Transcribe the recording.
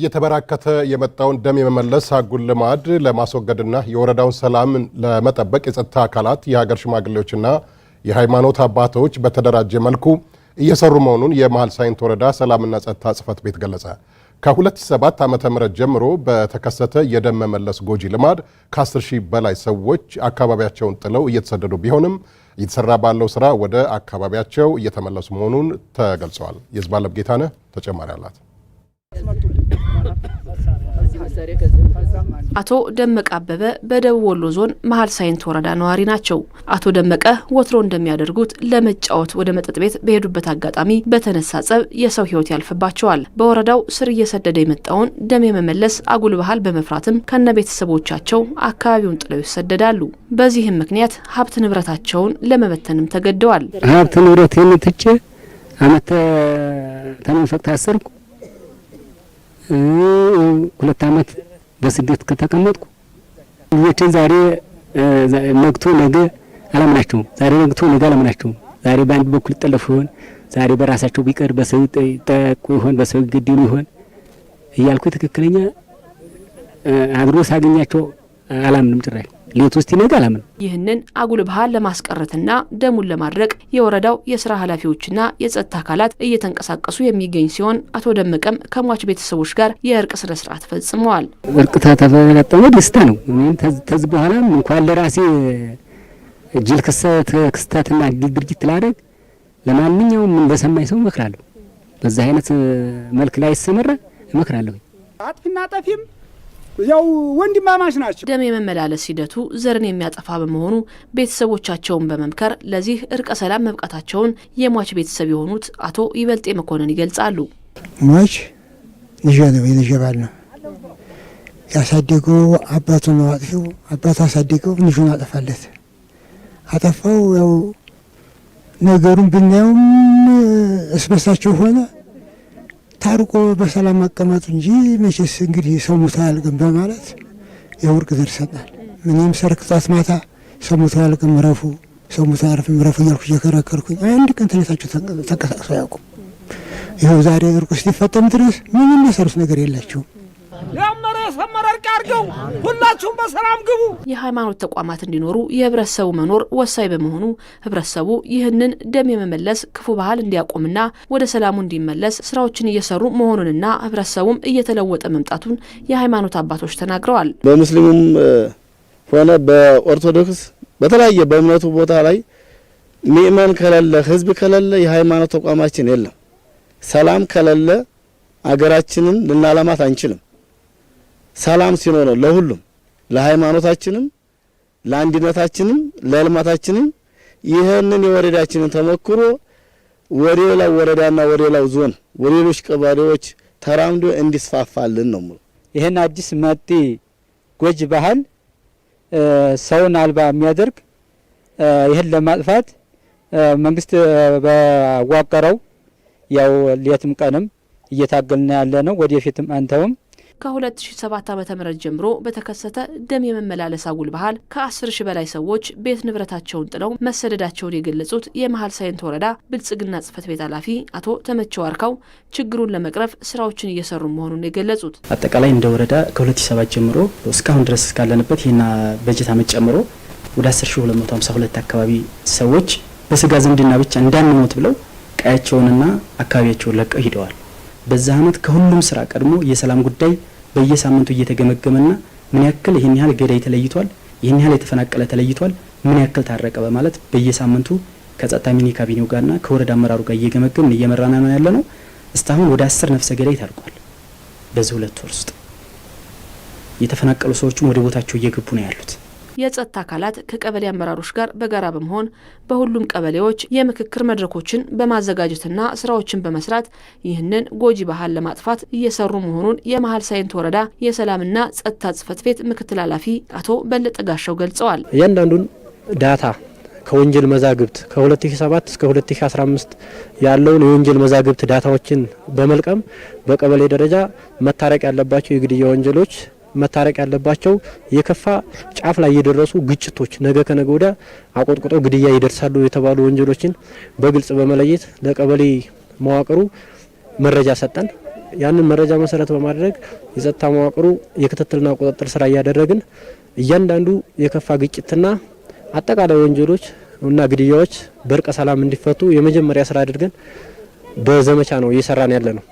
እየተበራከተ የመጣውን ደም የመመለስ አጉል ልማድ ለማስወገድና የወረዳውን ሰላም ለመጠበቅ የጸጥታ አካላት፣ የሀገር ሽማግሌዎችና የሃይማኖት አባቶች በተደራጀ መልኩ እየሰሩ መሆኑን የመሀል ሳይንት ወረዳ ሰላምና ጸጥታ ጽሕፈት ቤት ገለጸ። ከ2007 ም ጀምሮ በተከሰተ የደም መመለስ ጎጂ ልማድ ከ10 ሺህ በላይ ሰዎች አካባቢያቸውን ጥለው እየተሰደዱ ቢሆንም እየተሰራ ባለው ስራ ወደ አካባቢያቸው እየተመለሱ መሆኑን ተገልጸዋል። የዝባለብ ጌታነህ ተጨማሪ አላት። አቶ ደመቀ አበበ በደቡብ ወሎ ዞን መሀል ሳይንት ወረዳ ነዋሪ ናቸው። አቶ ደመቀ ወትሮ እንደሚያደርጉት ለመጫወት ወደ መጠጥ ቤት በሄዱበት አጋጣሚ በተነሳ ጸብ የሰው ሕይወት ያልፍባቸዋል። በወረዳው ስር እየሰደደ የመጣውን ደም የመመለስ አጉል ባህል በመፍራትም ከነ ቤተሰቦቻቸው አካባቢውን ጥለው ይሰደዳሉ። በዚህም ምክንያት ሀብት ንብረታቸውን ለመበተንም ተገደዋል። ሀብት ንብረት የምትቼ አመተ ተመንፈቅ ታሰርኩ ሁለት አመት በስደት ከተቀመጥኩ ልጆችን ዛሬ ነግቶ ነገ አላምናቸውም። ዛሬ ነግቶ ነገ አላምናቸውም። ዛሬ በአንድ በኩል ይጠለፉ ይሆን፣ ዛሬ በራሳቸው ቢቀር በሰው ይጠቁ ይሆን፣ በሰው ይገደሉ ይሆን እያልኩ ትክክለኛ አድሮ ሳገኛቸው አላምንም ጭራሽ። ሌት ውስጥ ይነጋል አምን ይህንን አጉል ባህል ለማስቀረትና ደሙን ለማድረቅ የወረዳው የስራ ኃላፊዎችና የጸጥታ አካላት እየተንቀሳቀሱ የሚገኝ ሲሆን አቶ ደመቀም ከሟች ቤተሰቦች ጋር የእርቅ ስነ ስርዓት ፈጽመዋል። እርቅ ተፈጸመ፣ ደስታ ነው። ተዝ በኋላ እንኳን ለራሴ እጅል ክስተትና ድርጊት ላደግ ለማንኛውም በሰማኝ ሰው እመክራለሁ። በዛ አይነት መልክ ላይ ይሰመረ እመክራለሁ። አጥፊና ጠፊም ያው ወንድማማች ናቸው። ደም የመመላለስ ሂደቱ ዘርን የሚያጠፋ በመሆኑ ቤተሰቦቻቸውን በመምከር ለዚህ እርቀ ሰላም መብቃታቸውን የሟች ቤተሰብ የሆኑት አቶ ይበልጤ መኮንን ይገልጻሉ። ሟች ልጅ ነው የልጄ ባል ነው ያሳደገው አባቱ ነው አጥፊው። አባቱ አሳደገው ልጁን አጠፋለት አጠፋው። ያው ነገሩን ብናየውም እስበሳቸው ሆነ ታርቆ በሰላም መቀመጡ እንጂ መቼስ እንግዲህ ሰው ሞቶ አያልቅም በማለት የወርቅ ዘር ሰጣል። እኔም ሰርክ ጧት ማታ ሰው ሞቶ አያልቅም ረፉ ሰው ሞቶ አያልቅም ረፉ እያልኩ እየከረከርኩኝ አንድ ቀን ተነሳቸው ተንቀሳቅሰው አያውቁም። ይኸው ዛሬ እርቁ እስኪፈጠም ድረስ ምንም መሰሩት ነገር የላቸውም። ያሰመረ እርቅ አድርገው ሁላችሁም በሰላም ግቡ። የሃይማኖት ተቋማት እንዲኖሩ የህብረተሰቡ መኖር ወሳኝ በመሆኑ ህብረተሰቡ ይህንን ደም የመመለስ ክፉ ባህል እንዲያቆምና ወደ ሰላሙ እንዲመለስ ስራዎችን እየሰሩ መሆኑንና ህብረተሰቡም እየተለወጠ መምጣቱን የሃይማኖት አባቶች ተናግረዋል። በሙስሊሙም ሆነ በኦርቶዶክስ በተለያየ በእምነቱ ቦታ ላይ ምእመን ከሌለ ህዝብ ከሌለ የሃይማኖት ተቋማችን የለም። ሰላም ከሌለ አገራችንን ልናለማት አንችልም። ሰላም ሲኖር ነው ለሁሉም ለሃይማኖታችንም፣ ለአንድነታችንም፣ ለልማታችንም ይህንን የወረዳችንን ተሞክሮ ወደ ሌላው ወረዳና ወደ ሌላው ዞን ወደ ሌሎች ቀበሌዎች ተራምዶ እንዲስፋፋልን ነው ይህን አዲስ መጤ ጎጅ ባህል ሰውን አልባ የሚያደርግ ይህን ለማጥፋት መንግስት በዋቀረው ያው ሌትም ቀንም እየታገልን ያለ ነው። ወደፊትም አንተውም ከ2007 ም ጀምሮ በተከሰተ ደም የመመላለስ አጉል ባህል ከ10 ሺህ በላይ ሰዎች ቤት ንብረታቸውን ጥለው መሰደዳቸውን የገለጹት የመሀል ሳይንት ወረዳ ብልጽግና ጽህፈት ቤት ኃላፊ አቶ ተመቸው አርካው ችግሩን ለመቅረፍ ስራዎችን እየሰሩ መሆኑን የገለጹት አጠቃላይ እንደ ወረዳ ከ2007 ጀምሮ እስካሁን ድረስ እስካለንበት ይህና በጀት አመት ጨምሮ ወደ 10252 አካባቢ ሰዎች በስጋ ዝምድና ብቻ እንዳንሞት ብለው ቀያቸውንና አካባቢያቸውን ለቀው ሂደዋል። በዛ አመት ከሁሉም ስራ ቀድሞ የሰላም ጉዳይ በየሳምንቱ እየተገመገመና ምን ያክል ይህን ያህል ገዳይ ተለይቷል፣ ይህን ያህል የተፈናቀለ ተለይቷል፣ ምን ያክል ታረቀ በማለት በየሳምንቱ ከጸጥታ ሚኒ ካቢኔው ጋርና ከወረዳ አመራሩ ጋር እየገመገምን እየመራና ነው ያለ ነው። እስካሁን ወደ አስር ነፍሰ ገዳይ ታርቋል። በዚህ ሁለት ወር ውስጥ የተፈናቀሉ ሰዎችም ወደ ቦታቸው እየገቡ ነው ያሉት። የጸጥታ አካላት ከቀበሌ አመራሮች ጋር በጋራ በመሆን በሁሉም ቀበሌዎች የምክክር መድረኮችን በማዘጋጀትና ስራዎችን በመስራት ይህንን ጎጂ ባህል ለማጥፋት እየሰሩ መሆኑን የመሀል ሳይንት ወረዳ የሰላምና ጸጥታ ጽህፈት ቤት ምክትል ኃላፊ አቶ በለጠ ጋሻው ገልጸዋል። እያንዳንዱን ዳታ ከወንጀል መዛግብት ከ2007 እስከ 2015 ያለውን የወንጀል መዛግብት ዳታዎችን በመልቀም በቀበሌ ደረጃ መታረቅ ያለባቸው የግድያ ወንጀሎች መታረቅ ያለባቸው የከፋ ጫፍ ላይ የደረሱ ግጭቶች ነገ ከነገ ወዲያ አቆጥቁጠው ግድያ ይደርሳሉ የተባሉ ወንጀሎችን በግልጽ በመለየት ለቀበሌ መዋቅሩ መረጃ ሰጠን። ያንን መረጃ መሰረት በማድረግ የጸጥታ መዋቅሩ የክትትልና ቁጥጥር ስራ እያደረግን እያንዳንዱ የከፋ ግጭትና አጠቃላይ ወንጀሎች እና ግድያዎች በእርቀ ሰላም እንዲፈቱ የመጀመሪያ ስራ አድርገን በዘመቻ ነው እየሰራን ያለ ነው።